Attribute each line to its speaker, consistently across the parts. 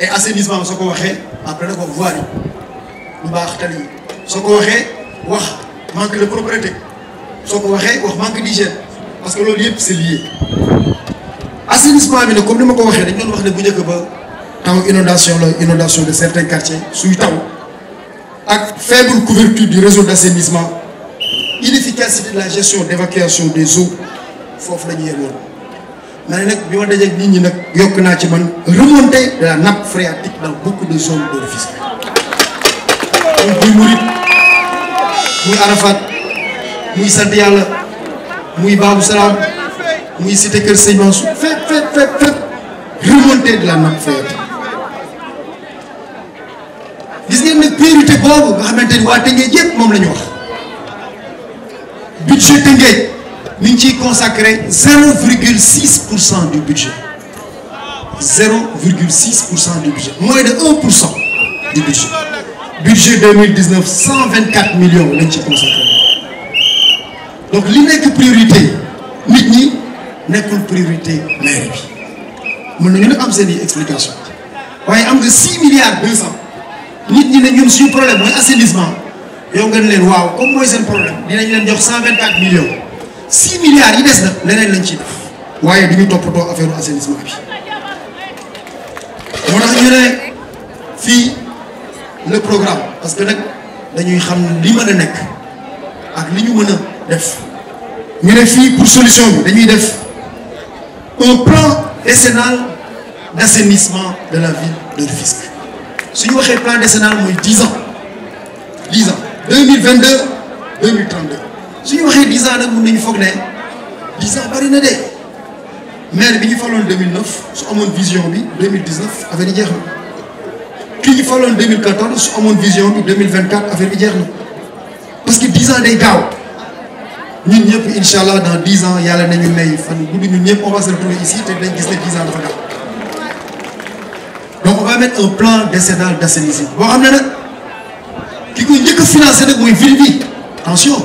Speaker 1: et assainissement bi soo vu, après da ko voirie lu baax tali yi soo wax manque de propreté soo ko wax manque d'hygiène parce que l'eau lieu, c'est lié assainissement bi comme ni ma ko waxee dañ doon wax ne bu njëkk ba inondation la inondation de certains quartiers sous taw ak faible couverture du réseau d'assainissement inefficacité de la gestion d'évacuation des eaux faut la le ma nak nag bi ma dajeeg nit ñi nak yok na ci man remonté de la nappe phréatique dans beaucoup de zones de Rufisque muy mourid muy Arafat muy sant yàlla muy Babou Salam muy cité keur seigne Mansour fépp fépp fépp fépp remontée de la nappe phréatique gis ngeen nag priorité bobu nga xamante ni waa Tëngéej yëpp moom wax budget Tëngéej nous avons consacré 0,6 du budget 0,6 du budget moins de 1 du budget budget 2019 124 millions nous avons consacré donc li priorité nit ñi priorité mairie. bi mën une am explication milliards am 6 milliards 200 nit ñi un ñun problème mooy assainissement yow nga ne leen waaw comme un problème Nous avons 124 millions. 6 milliards yi dess na leneen lañ ci def waaye du ñu toppatoo affaire assainissement bi on tax ñu le programme parce que nag dañuy xam li mën a nekk ak li ñu mën a def ñu ne fii pour solution nous dañuy def un plan décennal d'assainissement de la ville de Rufisk su ñu waxee plan décennal mooy 10 ans 10 ans 2022 2032 vous avez 10 ans nak mën 10 ans bari na dé maire bi ñu falon 2009 su amone vision bi 2019 affaire yi jeexna ki ñu falon 2014 su amone vision 2024 avec yi parce que 10 ans day Nous ñun pas, inshallah dans 10 ans yalla nañu may fan bu nous ñun ñëpp on va se retrouver ici té dañ gis né 10 ans donc on va mettre un plan décennal d'assainissement bo xamné nak ki ko ñëk financer une ville attention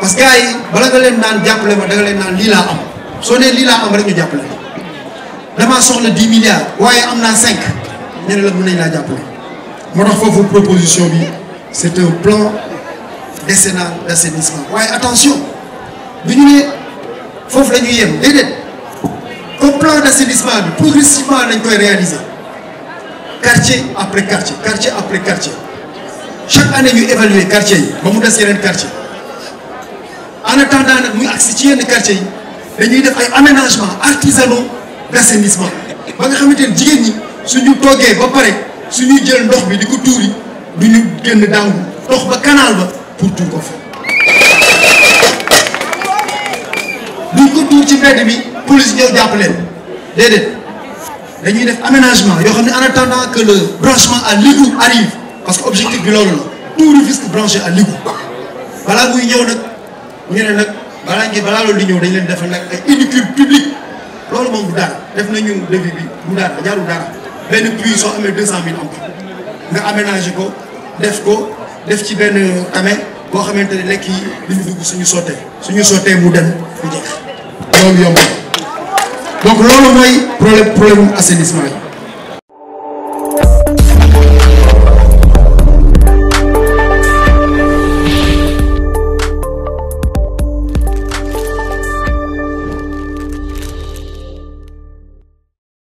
Speaker 1: parce que gars yi bala nga leen naan jàppale ma da nga leen naan lii laa am soo nee lii laa am rek ñu jàppale la damaa soxla 10 milliards waaye am naa 5 ñu ne la mën nañ laa jàppale. moo tax foofu proposition bi c'est un plan décennal d'assainissement waaye attention bi ñu ne foofu la ñuy yem plan d'assainissement progressivement lañ koy réaliser quartier après quartier quartier après quartier chaque année ñu évaluer quartier yi ba mu des yeneen quartier en attendant nag muy agsi ci yenn quartier yi dañuy def ay aménagement artisanaux d'assainissement ba nga xamante ne jigéen ñi suñu toggee ba pare suñu jël ndox bi di ko tuuri du ñu génn dàngu ndox ba canal ba pour tuur ko fa duñ ko tuur ci mbedd bi police jël jàpp leen déedéet dañuy def aménagement yoo xam ne en attendant que le branchement à l'égout arrive parce que objectif bi loolu la tout Rufisque branché à l'égout balaa muy ñëw nag ñu ne nag balaa ngi balaa loolu di ñëw dañ leen defal nag ay édicule publique loolu moom du dara def nañu devis bi mu dara jaarul dara benn prix soo amee deux cent mille am nga aménagé ko def ko def ci benn tame boo xamante ne lekk yi duñu dugg suñu sottee suñu sottee mu dem mu jeex loolu yomb donc loolu mooy problème problème assainissement yi